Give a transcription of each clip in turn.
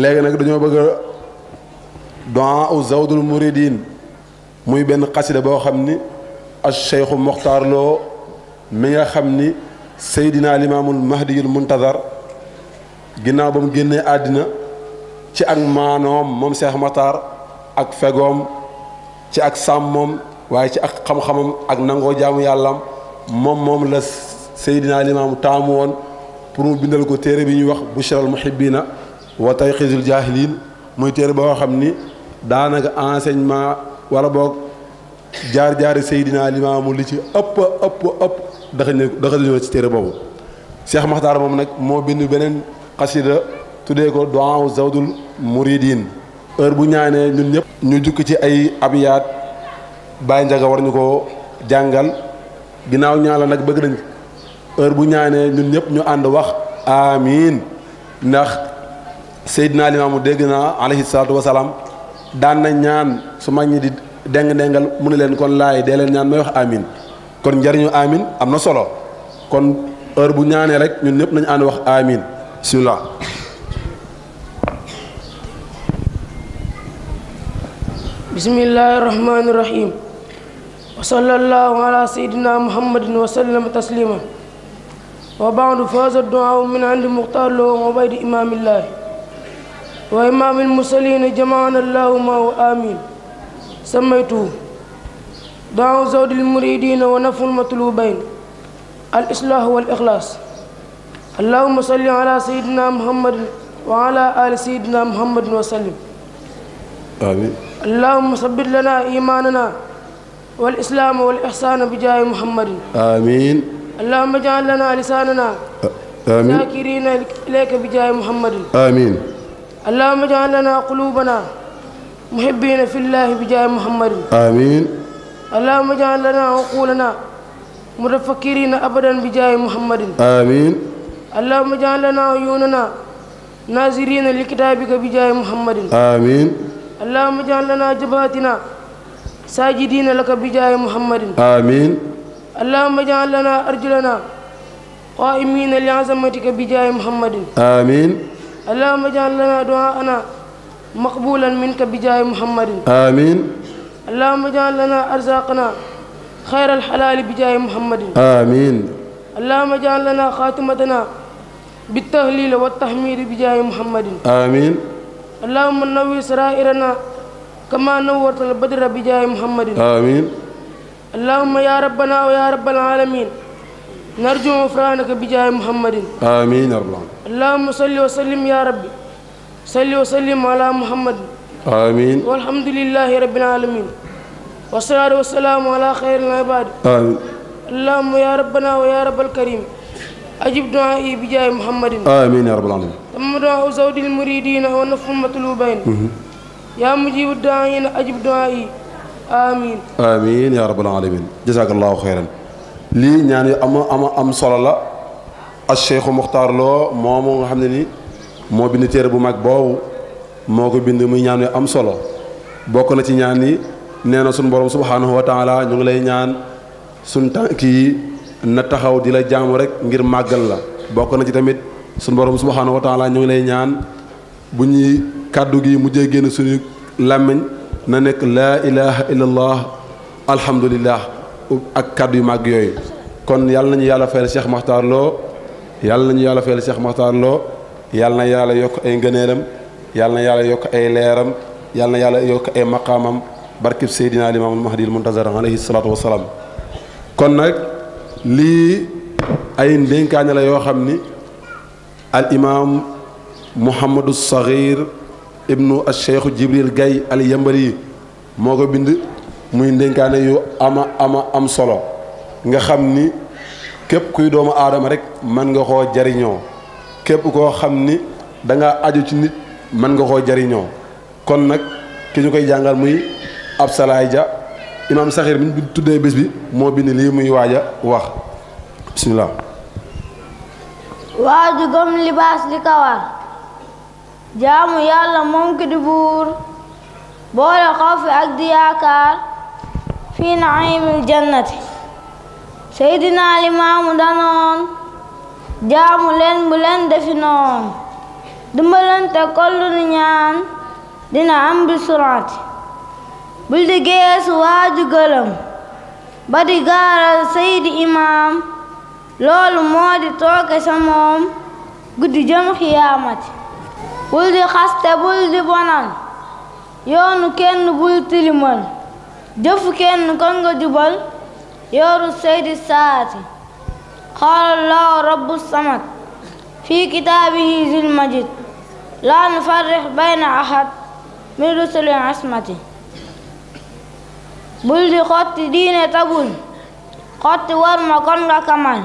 léegi nag dañoo bëgg a doa u zawdul muridin muy benn xasida boo xam ni al cheikhu moxtaar loo mi nga xam ni seydina limaamul mahdiyul muntazar ginnaaw ba mu génnee àddina ci ak maanoom moom seex moxtaar ak fegoom ci ak sàmmoom waaye ci ak xam-xamam ak nangoo jaamu yàllam moom moom la seydina limaamu taamu woon pour mu bindal ko téere bi ñuy wax bushral muhibbina وتيقظ الجاهلين موي تير بو خامني دانك انسيغمان ولا بوك جار جار سيدنا الامام لي سي اوب اوب اوب داخل داخل سي تير بوبو شيخ مختار موم نك مو بين بنن قصيده تودي كو دوان زود المريدين اور بو نياني نون نيب ني جوك سي اي ابيات باي نجا وار نكو جانغال غيناو نيالا نك بغ نن اور بو نياني نون نيب ني اند واخ امين نخ sayyidina imam degna naa alayhi salaatu wasalaam dan na ñaan su mag di deng-dengal mu ne leen kon laay de leen ñaan may wax amin kon njariñu amin am solo kon heure bu ñaané rek ñun ñëpp nañ and wax amin bismillah bismillahirrahmanirrahim wa sallallahu ala sayyidina muhammadin wa sallam taslima wa ba'du faza du'a min 'indi muqtar lo imamillah وإمام المسلين جمعنا اللهم وآمين سميته دعاء زود المريدين ونفو المطلوبين الإصلاح والإخلاص اللهم صل على سيدنا محمد وعلى آل سيدنا محمد وسلم آمين اللهم ثبت لنا إيماننا والإسلام والإحسان بجاه محمد آمين اللهم اجعل لنا لساننا آمين ذاكرين إليك بجاه محمد آمين اللهم اجعل لنا قلوبنا محبين في الله بجاه محمد آمين اللهم اجعل لنا عقولنا متفكرين أبدا بجاه محمد آمين اللهم اجعل لنا عيوننا ناظرين لكتابك بجاه محمد آمين اللهم اجعل لنا جباتنا ساجدين لك بجاه محمد آمين اللهم اجعل لنا أرجلنا قائمين لعظمتك بجاه محمد آمين اللهم اجعل لنا دعاءنا مقبولا منك بجاه محمد آمين اللهم اجعل لنا أرزاقنا خير الحلال بجاه محمد آمين اللهم اجعل لنا خاتمتنا بالتهليل والتحميد بجاه محمد آمين اللهم نوي سرائرنا كما نورت البدر بجاه محمد آمين اللهم يا ربنا ويا رب العالمين نرجو غفرانك بجاه محمد آمين يا رب اللهم صل وسلم يا ربي صل وسلم على محمد آمين والحمد لله رب العالمين والصلاة والسلام على خير العباد آمين اللهم يا ربنا ويا رب الكريم أجب دعائي بجاه محمد آمين يا رب العالمين ثم دعاء زود المريدين ونفهم المطلوبين يا مجيب الداعين أجب دعائي آمين آمين يا رب العالمين جزاك الله خيرا lii ñaan yu am ama am solo la ak Cheikh Muxtaar moomu nga xam ne ni moo bind téere bu mag boobu moo ko bind muy ñaan yu am solo bokk na ci ñaan yi nee na suñu borom subhaanahu wa taala ngi lay ñaan suñ tànk yi na taxaw di la jaamu rek ngir màggal la bokk na ci tamit suñu borom subhaanahu wa taala ñu ngi lay ñaan bu ñuy kàddu gi mujje génn suñu làmmiñ na nekk laa ilaha illallah alhamdulillah ak kàddu yu màgg yooyu kon yàlla nañu yàlla fayal Cheikh Makhtar Lo yàlla nañu yàlla fayal Cheikh Makhtar Lo yàlla na yàlla yokk ay ngëneelam yàlla na yàlla yokk ay leeram yàlla na yàlla yokk ay maqaamam barkib Seydina Limaamul Mahdil Muntazar alayhi salaatu wa salaam kon nag lii ay ndénkaane la yoo xam ni al imaam Mouhamadou Saghir ibnu al Cheikh Jibril Gaye al Yambari moo ko bind. muy ndénkaane yu ama ama am solo nga xamni kep kuy doomu adam rek man nga ko jariño kep ko xamni da nga aju ci nit man nga ko jariño kon nak ki ñukay jangal muy ab imam sahir min bi mi bes tuddee bés bi moo bind muy waja wax bismillah waju libas li kawar jaamu yalla mom ki di bur boole fi ak di fi naimil jannati seydina limaamu danoon jaamu leen bu leen defi noon dimbalante kollu ni ñaan dina am bi bul di geesu waaju gëlëm ba di gaaral seydi imaam loolu moo tooke sa guddi jëm xiyaamati bul di xaste bul di bonal yoonu kenn bul tilimal jëfu kenn kon nga jubal yooru seydi saati qaala rabbu samad fi kitaabihi zil majid laa nufarrix bayna ahad min rusuli asmati bul xotti diine tabul xotti war ma nga kamal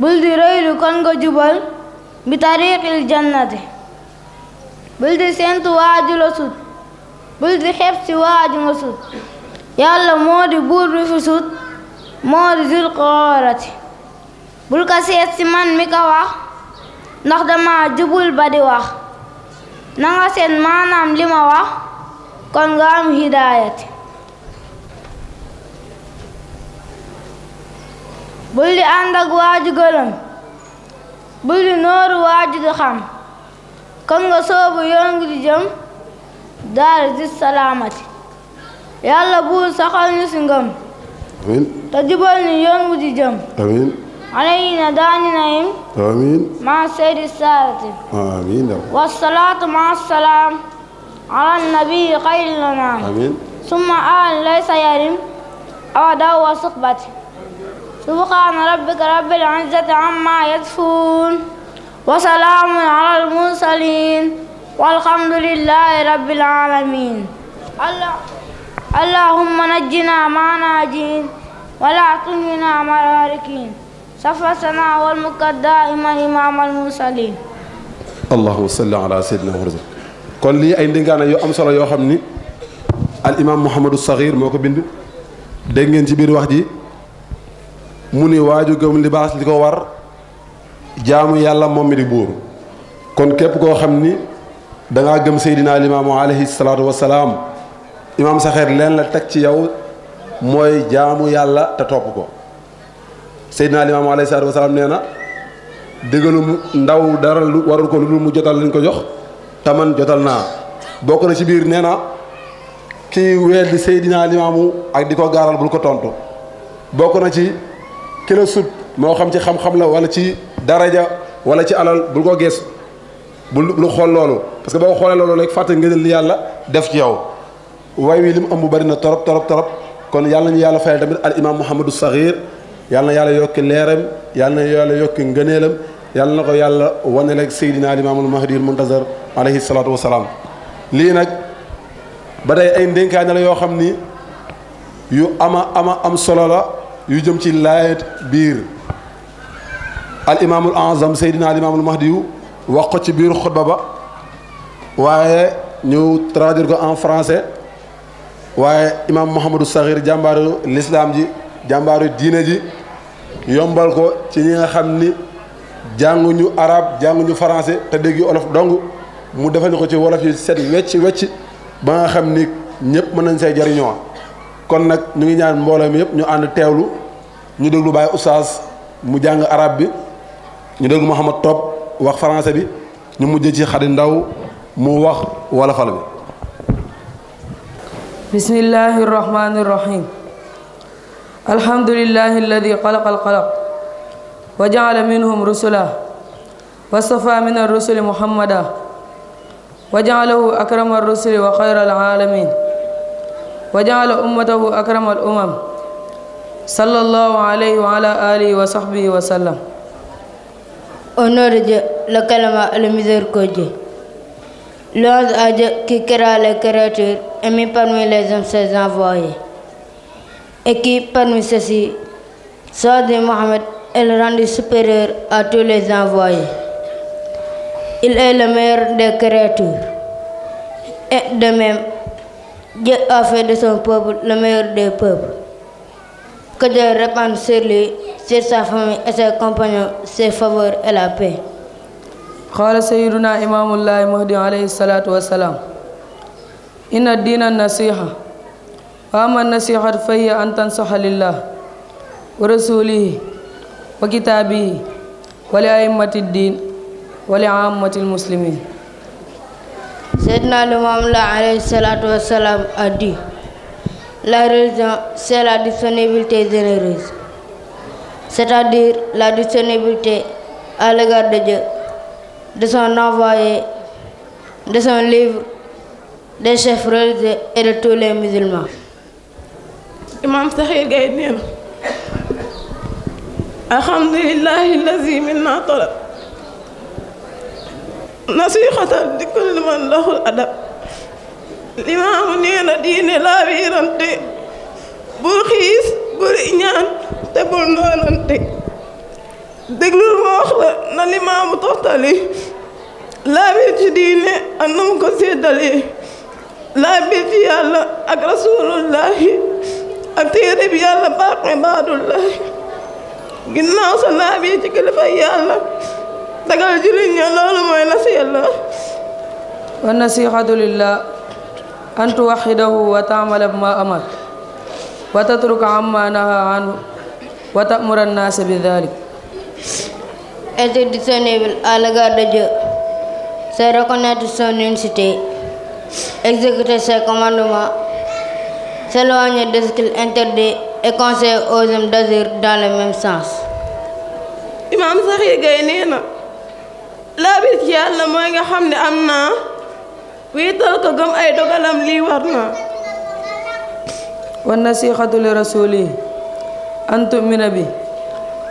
bul di rëylu kon nga jubal bi tariqil jannati bul sentu waaju la sut bul di waaju nga sut yàlla moo di buur bi fi sut moo di zul xoorati bul ka seet si man mi ka wax ndax dama jubul ba di wax na nga seet maanaam li ma wax kon nga am hidaayati bul di ànd ak waaju gëlëm bul di nooru waaju di xam kon nga soobu yoon jëm daal di salaamati يلا buur saxal ñu امين تجبل نيون ودي jubal امين علينا wu نايم آمين مع سيد السادة آمين والصلاة مع السلام على النبي خير لنا آمين ثم آل ليس يرم أبدا وصحبته سبحان ربك رب العزة عما يصفون وسلام على المرسلين والحمد لله رب العالمين الله اللهم نجنا مع ناجين ولا تنجنا مع الهالكين صفصنا والمك دائما إمام المرسلين allahu salli ala sayyidina muhammad kon lii ay ndénkaane yu am solo yoo xam ni al imaam Mouhamadou Saxiir moo ko bind dégg ngeen ci biir wax ji mu ni waaju gëm libaas li ko war jaamu yàlla moom mi di buur kon képp koo xam ni dangaa gëm seydinaa limaamu alayhi salaatu wassalaam imaam saxeer leen la teg ci yow mooy jaamu yàlla te topp ko seydinaa limaam alayhi salaatu wasalaam nee na déggalu ndaw dara lu warul ko lu dul mu jotal lañ ko jox te man jotal naa bokk na ci biir nee na kii weddi seydinaa limaamu ak di ko gaaral bul ko tontu bokk na ci ki la sut moo xam ci xam-xam la wala ci daraja wala ci alal bul ko gees bu lu xool loolu parce que boo xoolee loolu rek fàtte nga li yàlla def ci yow way wi lim ëmb bari na torop torop torop kon yàlla ñu yàlla fayal tamit al imam mouhamadou saghir yàlla na yàlla yokki leeram yàlla na yàlla yokki ngëneelam yàlla na ko yàlla waneleeg seydina al imaamul mahdi al muntazar alayhi salaatu wasalaam lii nag ba day ay ndénkaane la yoo xam ni yu ama ama am solo la yu jëm ci laayet biir al imaamul azam seydina al imaamul mahdi yu wax ko ci biir xutba ba waaye ñu traduire ko en français waaye imaam Mouhamadou Sakhir jàmbaaru lislaam ji jàmbaaru diine ji yombal ko ci ñi nga xam ni jànguñu arab jànguñu français te dégg olof dong mu defal ko ci wolof yi set wecc wecc ba nga xam ni ñëpp mën nañ say jariñoo kon nag ñu ngi ñaar mbooloo mi yëpp ñu ànd teewlu ñu déglu Baye Oustaz mu jàng araab bi ñu déglu Mouhamad Top wax français bi ñu mujj ci xadi ndaw mu wax wolofal bi بسم الله الرحمن الرحيم الحمد لله الذي خلق القلق وجعل منهم رسلا واصطفى من الرسل محمدا وجعله أكرم الرسل وخير العالمين وجعل أمته أكرم الأمم صلى الله عليه وعلى آله وصحبه وسلم honoré Dieu, le calama, le miséricordieux. L'ordre a Dieu qui créa les créatures et mis parmi les hommes ses envoyés. Et qui parmi ceux-ci soit de Mohammed est le rendit supérieur à tous les envoyés. Il est le meilleur des créatures. Et de même, Dieu a fait de son peuple le meilleur des peuples. Que Dieu répande sur lui, sur sa famille et ses compagnons, ses faveurs et la paix. قال سيدنا إمام الله مهدي عليه الصلاة والسلام إن الدين النصيحة وأما النصيحة فهي أن تنصح لله ورسوله وكتابه ولأئمة الدين ولعامة المسلمين سيدنا Imam الله عليه الصلاة والسلام أدي لا religion, c'est la disponibilité généreuse, c'est-à-dire la disponibilité à l'égard de Dieu de son envoyé, de son livre, des chefs religieux et de tous les musulmans. Imam Sahir Gaye nee na alhamdulillahi lazi minna talab nasixatan di kulli man lahul adab limaamu nee na diine laa wiirante bul xiis bul iñaan te bul noonante deglu ma wax la na limam toxtali la biir ci diine ak ko séddalee la biir ci yàlla ak rasulullah ak téere bi yàlla baax ibaadullahi ginnaw sa la bi ci kilifa yàlla dagal jullit ña moy la nasiya la wa nasihatu lillah an tuwaxidahu wa ta'mal ma amara wa tatruka amma naha anhu wa tamura annaasa bi dalik être discernible à l'égard de Dieu, c'est reconnaître son unicité, exécuter ses commandements, s'éloigner de ce qu'il interdit et conseiller aux hommes d'agir dans le même sens. Imam Sakhir Gaye nee na yàlla mooy nga xam ne am naa wéetal ko gëm ay dogalam lii war naa wa nasixatu li rasuli an tumina bi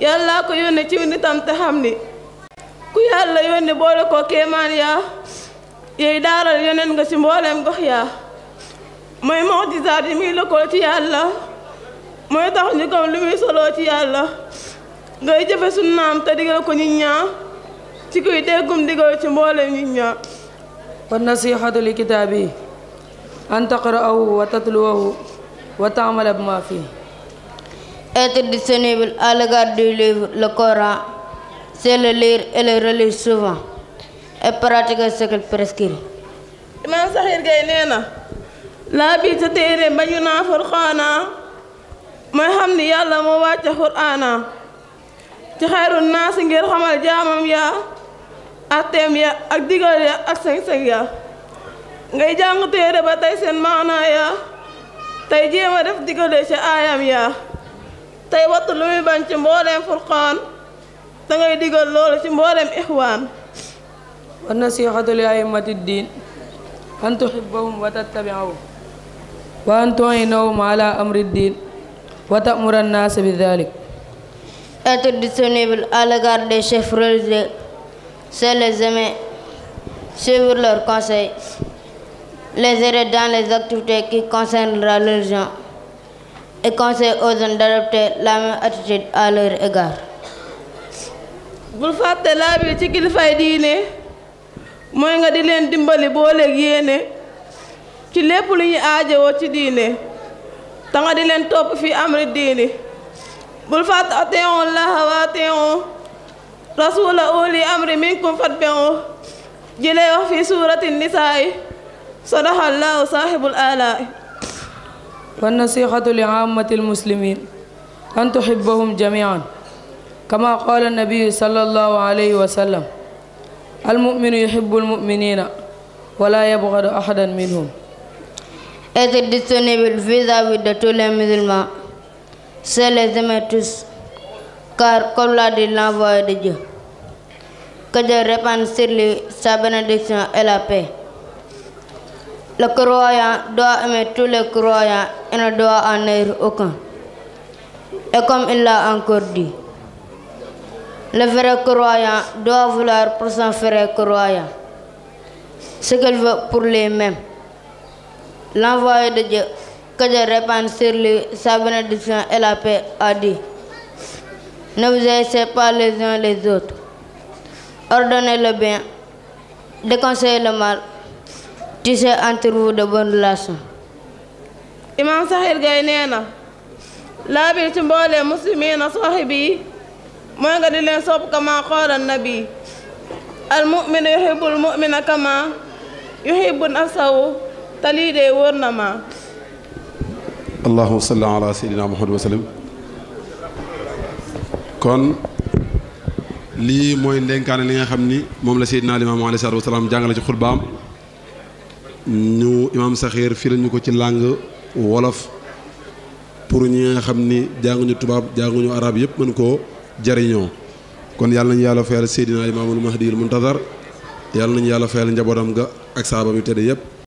yàlla ko yónne ci nitam te xam ni ku yàlla yónne boole ko kéemaan yaa yey daaral yoneen nga ci mbooleem gox yaa mooy moxtisaat yi muy lëkkoo ci yàlla mooy tax ñu gëm lu muy soloo ci yàlla ngay jëfe sunnaam te digal ko nit ci kuy déggum digal ci mbooleem nit ñaa wan li kitaabi an taqra'ahu wa tatluwahu wa taamala bi ma Être disponible à l'égard du livre, le Coran, c'est le lire et le souvent et pratiquer ce qu'il prescrit. Imam Sakhir nee na laa bii sa téere ba naa furqaana mooy xam ni yàlla moo wàcce qur'aana ci xayru naa si ngir xamal jaamam ya atteem ya ak digal ya ak sañ-sañ ya ngay jàng téere ba tey seen maanaa ya tey jéem def digale ci aayam ya tey wattu lu muy bañ ci mbooleem furqaan da ngay digal loolu ci mbooleem ixwaan wa nasihatu li aimati diin an tuhibbahum wa tattabiahum wa an tuinahum ala amri diin wa tamura annaasa bi dalik être disponible à l'égard des chefs religieux c'est les aimer suivre leurs conseils les aider dans les activités qui concernent la religion et conseil aux jeunes d' adopter la même attitude à leur égard bul fàtte laa bi ci kilifay diine mooy nga di leen dimbali booleeg yéene ci lépp lu ñu aajowoo ci diine te nga di leen topp fii amri diini bul fàtte atéon laha wa atéon rasula uli amri min kum fat beo jëlee wax fii suratin nisaa yi sadaha allahu sahibul alaa والنصيحة لعامة المسلمين أن تحبهم جميعا كما قال النبي صلى الله عليه وسلم المؤمن يحب المؤمنين ولا يبغض أحدا منهم أتدتني بالفيزا بدتولا مثل ما سلزمتوس كار قبل دي نافو دي جو كجر ربان سيرلي سابنا دي سنو Le croyant doit aimer tous les croyants et ne doit en haïr aucun. Et comme il l'a encore dit, le vrai croyant doit vouloir pour son vrai croyant ce qu'il veut pour lui-même. L'envoyé de Dieu, que Dieu répande sur lui sa bénédiction et la paix, a dit Ne vous haïssez pas les uns les autres. Ordonnez le bien, déconseillez le mal tisser entre vous de bonnes relations. nee na laa biir ci mboolee muslimiina saaxibi yi mooy nga di leen sopp kama qaala nabi al muminu yuhibbul mumina kama yuhibbu nafsahu te lii de wóor na ma allahuma salli ala seydina muhammad li nga xam ni moom la seydina limaamu alayhi salaatu wa jàngale ci xutbaam ñu imaam saxiir fii lañu ko ci langue wolof pour ñi nga xam ni jànguñu tubaab jànguñu arab yëpp mën koo jariñoo kon yàlla nañu yàlla fayal seydinaa imaamul mahdiyul muntazar yàlla nañu yàlla fayal njabootam ga ak saaba mi tëdd yëpp